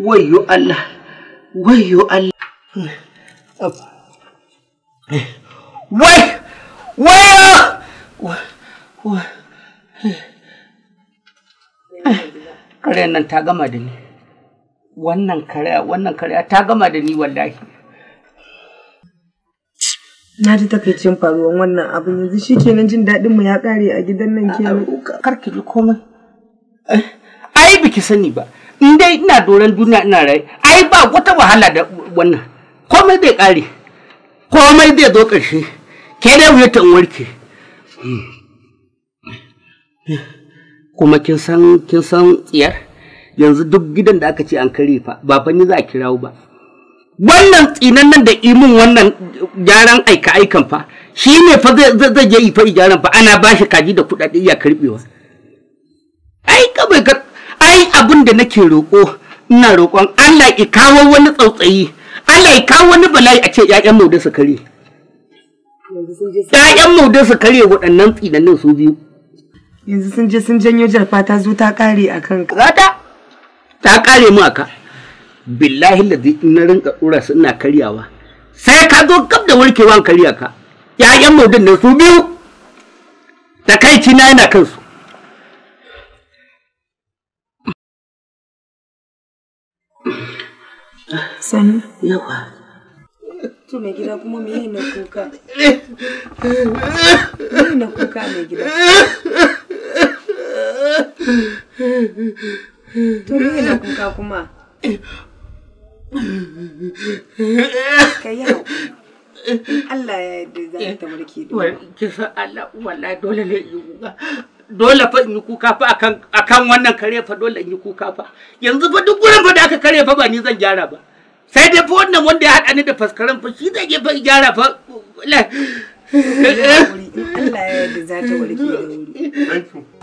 wayo Allah, wayo Allah. Eh, wai, wayo! Eh. Eh, kare nan ta gama da ni. Wannan kare, wannan kare ta gama da ni wallahi. Na ji takaicin faruwan wannan abin yanzu shi kenan jin daɗin mu ya ƙare a gidan nan kenan. Kar ki ji komai. Ai biki sani ba. in dai ina doron duniya ina rai ai ba wata wahala da wannan komai zai kare komai zai zo ƙarshe ke dai wuya ta warke hmm. kuma kin san kin san tsiyar yanzu duk gidan da aka ce an kare fa ba fa ni za a kirawo ba wannan tsinan nan da imin wannan gyaran aika aikan fa shi ne fa zai je fa gyaran fa ana bashi kaji da kudade iya karbewa ai ka ai abin da nake roƙo ina roƙon Allah ya kawo wani tsautsayi Allah ya kawo wani bala'i a ce ƴaƴan mu da su kare ƴaƴan mu da su kare waɗannan tsinannin su biyu yanzu sun je sun janyo jarfa ta zo ta kare a ka ta ta kare mu aka billahi lazi in na rinka tsura su ina karyawa sai ka zo gab da warkewan karya ka ƴaƴan mu da su biyu takaici na yana kansu Sani. Yawa. To mai gida kuma me yi na kuka? Me na kuka mai gida? To me na kuka kuma? Ka yi Allah ya yarda za ta warke da. Ki san Allah wallahi dole ne yi kuka. dole fa in yi kuka fa akan akan wannan kare fa dole in yi kuka fa yanzu fa duk gurin fa da aka kare fa ba ni zan gyara ba sai dai fa wannan wanda ya hada ni da faskaran fa shi zai fa gyara fa Allah ya warke da wuri